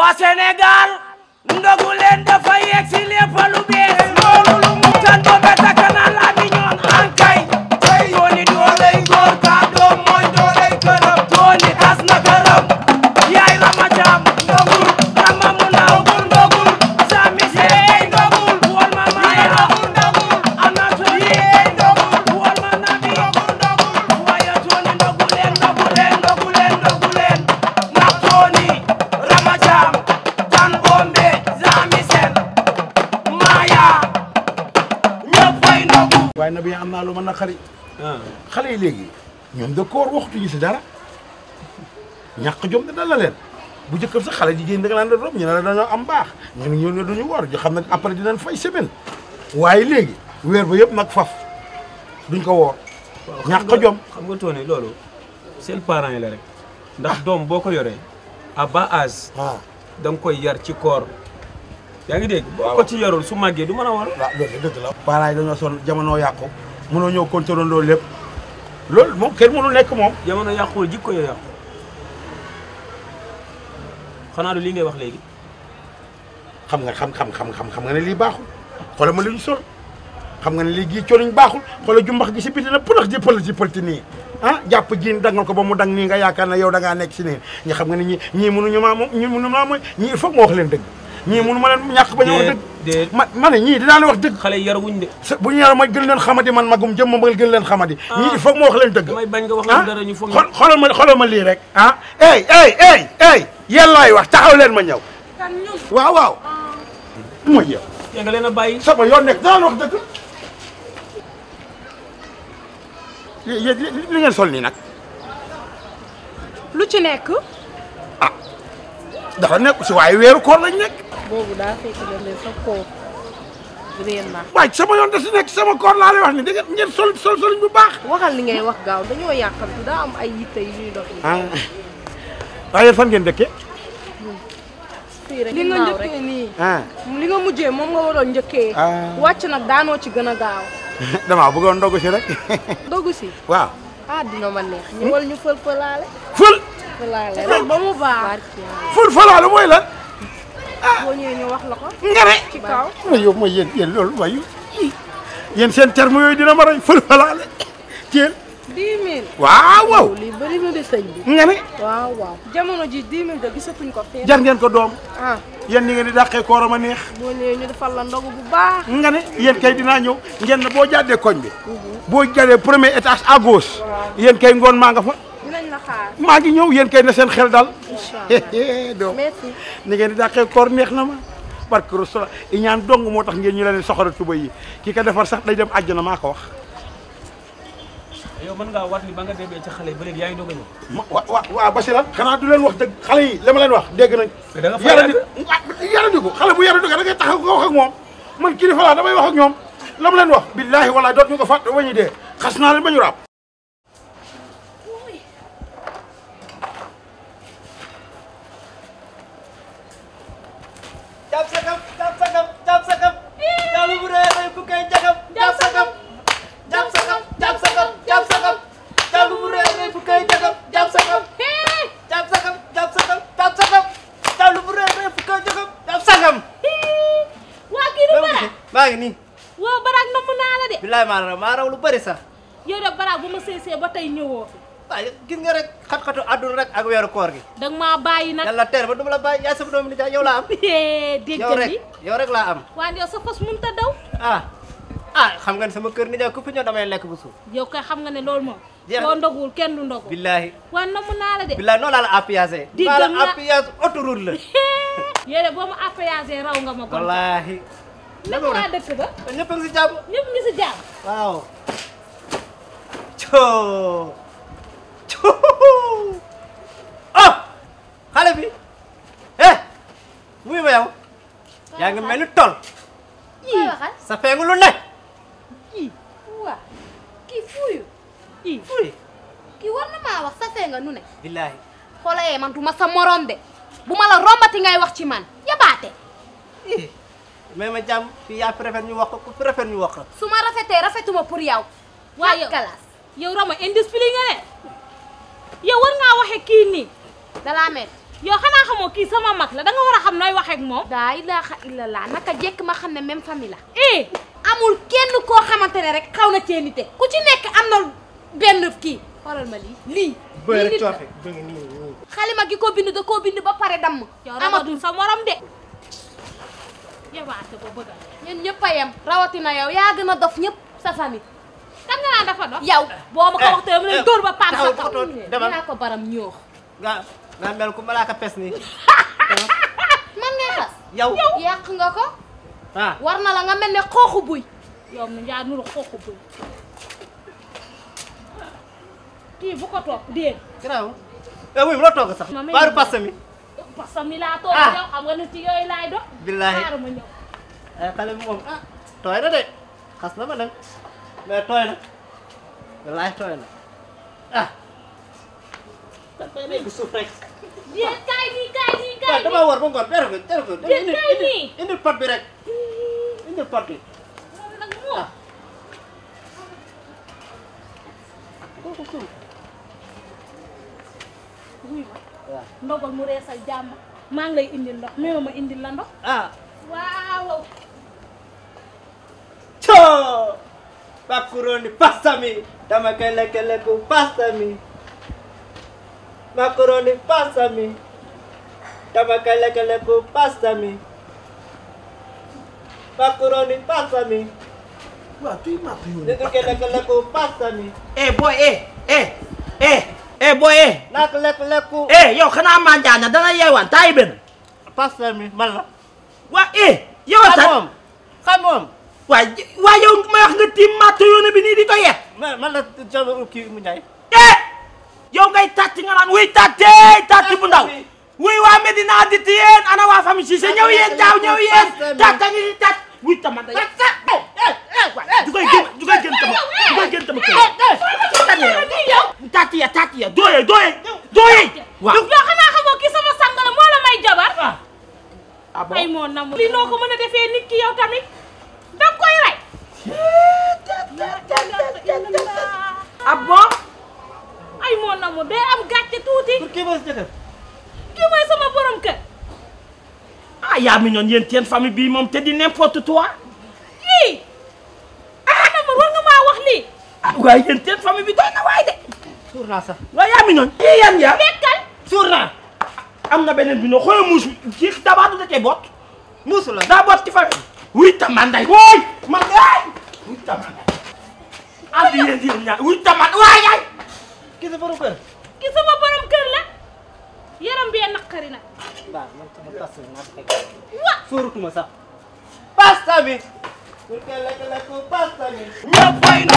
waa Sénégal ndogu leen dafa yegg si lépp lu na bi am naa lu ma naqari. Ah. xale yi léegi ñoom de koor waxtuñu si dara ñàkk jom de dal la leen bu jëkkër sax xale jigéen da nga ñu ne la dañoo am baax ñu ñëw ne duñu war ñu xam ne après dinañ fay semaine waaye léegi weer ba yëpp nag faf duñ ko woor ñàkk jom xam nga toone loolu seen parents yi la rek ndax doom boo ko yoree à bas âge ah. da koy yar ci koor yaa ngi dégg boo ko su màggee du mën a war waaw loolu dëgg la parents yi dañoo son jamono yàqu mënoo ñëw contrôle loolu lépp loolu moom kenn mënu nekk moom jamono yàquwul jikko yoo yàqu xanaa du lii ngay wax léegi xam nga xam xam xam xam xam nga ne lii baaxul xoolal ma li ñu sol xam nga ne lii gii coonuñ baaxul xoolal jumbax gi si biti na pëlax ji pël ji pëlti nii ah jàpp jiin dangal ko ba mu dang nii nga yaakaar ne yow da ngaa nekk si nii ñi xam nga ne ñi ñii mënuñu maa moom ñi mënu maa mooy ñii il faut moo wax leen dëgg ñii mënu ma leen ñàkk ba ñu wax dëgg ma ne ñii dinaa leen wax dëgg xale yi yarawuñ de bu ñu yar ma gën leen xamadi man magum jëmma ma ma gën leen xamadi ah. ñii il faut ma wax leen dëgg damay bañ nga wax leen dara ñu foog ah? xoolal ma xoolal ma lii rek ah ey ey ey ma ñëw waaw waaw ah. mooy yow sama yoon nekk dinaa wax dëgg li sol nii nag lu ci nekk dax dafa nekk si waaye weeru koor lañ nekk boobu daa fekk ne sa koor réen na. waay sama yoon da si nekk sama koor laa lay wax ni da ngeen sol sol sol bu baax. waxal li ngay wax gaaw dañoo yàqantu daa am ay yitte yu ñuy dox. Ah. waaye yéen fan ngeen dëkkee. li nga njëkkee nii. Ah. li nga mujjee moom nga waroon njëkkee. Ah. wàcc nag daanoo ci gën a gaaw. damaa bëggoon ndogu si rek. ndogu si. waaw. ah dina ma neex. ñu wal ñu fël fëlaale. fël. fëlaale mooy lan. boo ñëwee la ko. nga ne ci kaw. loolu wayu yéen seen terme yooyu dina ma rey fël falaale jël. 10 lii bëri na de sëñ waaw jamono ji 10 000 de gisatuñ ko fee. jar ngeen ko doom. ah yéen ngeen di dàqee kooram a neex. boo ñëwee defal la ndogu bu baax. nga ne yéen kay dinaa ñëw ngeen ne boo jàddee koñ bi. Mhm. boo jàddee premier étage à gauche. yéen kay ngoon maa nga fa. maa ngi ñëw yéen kay na seen xel dal. doom ni ngeen di dàqee koor neex na ma. barke Rasul i ñaan dong moo tax ngeen ñu leen soxora tuba yi ki ko defar sax day dem àjjana maa ko wax. yow mën ngaa waat ni ba nga demee ci xale ba léegi yaa ngi doog a ñëw. ma wa xanaa du leen wax dëgg xale yi li ma leen wax dégg nañ. te da nga faa yaradi bu yaradiku da ngay taxaw nga wax moom man kilifa laa damay wax ak ñoom la ma leen wax. billaahi wallaahi dootuñu ko fàtte ba ñu dee xas naa leen ba ñu raab. jàpp sakam jàpp sakam jàpp sakam. jaalu bu rëy rëy bu koy jagam. jàpp sakam jàpp sakam jàpp sakam jàpp sakam. jaalu bu rëy rëy bu koy jagam jàpp sakam. jàpp sakam jàpp sakam jàpp sakam. jaalu bu rëy rëy bu koy jagam jàpp sakam. waa kii du bara maa ngi nii. waaw Barak namm naa la de. bilaay maa raw maa raw lu bari sax. yow de Barak bu ma seesee ba tey ñëwoo fi. waaye gis nga rek xat-xatu àdduna rek ak weeru koor gi. da nga maa bàyyi nag. yàlla teer ba du ma la bàyyi yaay sama doomu nijaay yow laa am. dégg yow rek yow rek laa am. sa fas mënut a daw. Ah, ah, xam nga ne sama kër nijaay ku fi ñëw lekk bu su yow kay xam nga ne loolu moom. jeex boo ndogul kenn du ndogul. billaahi waaw namu naa la de. billaahi noonu laa la appuyagé. diggam naa la appuyagé autoroute la. yéen a boo ma appuyagé raw nga ma. kon wallaahi. naka waa dëkk ba. ñëpp a si jàmm. ñëpp ngi si jàmm. waaw. coo. xale bi eh muy ma yow yaa ngi mel ni tool yii sa fengu lu ne kii fuuyu kii war na maa wax sa fenga nu ne billaahi xoolayee eh, man du ma sa morom de bu ma la rombati ngay wax ci man yabaate mais ma jàmm fii yaa fi rafet ñu wax ko ku fi rafet ñu wax ko su ma rafetee rafetuma pour yow waaye kalaas yow Rama indiscipline nga ne yow war ngaa waxe kii nii dalaa mel yow xanaa xamoo kii sama mag la danga war a xam nooy waxee ak moom. daa ilaaha illallah naka jekk ma xam ne même famille la. Eh! amul kenn koo xamante rek xaw na cee nite ku ci nekk am na benn kii xoolal ma xalima gi koo bind da koo bind ba pare dam amatul sama morom de. yabaate ko bëgg a. ñun ñëpp a rawatina yow yaa gën a dof ñëpp sa famille. kan yow boo eh, eh, dóor ba paam sa kaw. dinaa ko baram ñoox. nga mel ku malaaka pes ni man ngay xas yow yàq nga ko ah la nga mel ne xooxu buy yow mu yaa nuru xooxu buy kii bu ko topp dégg garaaw eh wuy bu la toog sax baaru pasta mi ah. billaahi xaar eh, ah, de xas na ma nag mais tooy na wallaahi ah déet kaay nii kaay nii kaay nii dama war ba ngoon dara ko indil pot bi rek indil pot bi. moom indil ndox mais ma indil la ndox. ah waaw. coo. bakkurooni pasta mi dama koy lekk pasta mi. Macaroni, passa-me. Tabakalekaleku, passa-me. Macaroni, passa-me. Ué, tu imagina. Dedukeleku, passa-me. Eh, boy, eh, eh, eh. Eh, boy, eh. Nakaleku. Eh, yo, kana yewan, taibin. Passa-me, mala. Wa, yow sax xam moom xam yow ma wax nga tiim màtt yoon bi nii di ko yegg. man man kii mu Ndiaye. yow ngay tàcc nga naan wuy tàccee tàcc bu ndaw wuy waa Medina di ti yéen ana waa famille Cissé ñëw yéen daaw ñëw yéen tàcc ngi ci tàcc wuy tama da eh, eh, eh, du koy gën du koy gën tama du koy gën tama tàcc ya tàcc ya dooye dooye dooye waaw yow xanaa xamoo kii sama sang la moo la may jabar ah, ah bon ay moo nam li noo ko mën a defee nit ki yow tamit kii mooy sa jëkkër. kii mooy sama ah, mi ñoon yéen seen famille bii moom te di n'importe quoi. lii. ah dama war nga maa wax lii. Ah, waaye yéen seen famille bi doy na waay de. suur naa sax mi ñoon. kii yan yaa nekkal. suur naa am na beneen bi ñoo xoolal muus ji dabaatu cee bot. muusu la daa bot ci famille. wuy tamanday wooy man ay wuy tamanday. ànd yéen yéen ñaar wuy tamanday waay ay. kii sa borom kër. kii sama borom. yaram bee naqari nag. waaw man sama tas bi naa fekk. wa sóoratuma sax. pasta bi. pour que lekk lekk pasta bi. ñëpp fay na.